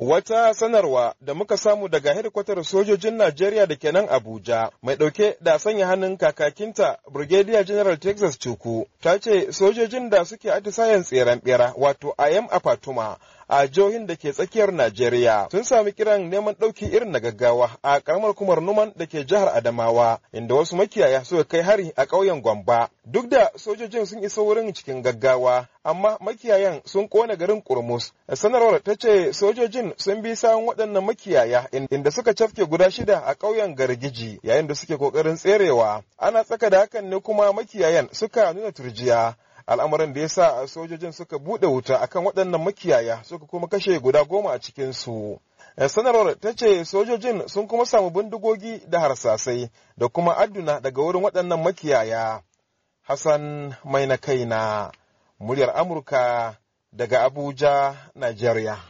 Wata sanarwa da muka samu daga hedikwatar sojojin Najeriya da kenan Abuja mai ɗauke da sanya hannun kakakinta Brigadier General Texas Cuku ta ce sojojin da suke atisayen tseren bera wato IM Fatuma. a jihohin da ke tsakiyar Najeriya sun sami kiran neman ɗauki irin na gaggawa a karamar kumar numan da ke jihar Adamawa inda wasu makiyaya suka kai hari a ƙauyen Gwamba. Duk da sojojin sun isa wurin cikin gaggawa amma makiyayan sun kona garin Kurmus. Sanarwar ta ce sojojin sun bi sawun waɗannan makiyaya inda suka cafke guda shida a ƙauyen Gargiji yayin da suke ƙoƙarin tserewa. Ana tsaka da hakan ne kuma makiyayan suka nuna turjiya. al'amarin da ya sa sojojin suka buɗe wuta akan waɗannan makiyaya suka kuma kashe guda goma a cikinsu eh, sanarwar ta ce sojojin sun kuma samu bindigogi da harsasai da kuma adduna daga wurin waɗannan makiyaya hassan mai na kaina muryar amurka daga abuja nigeria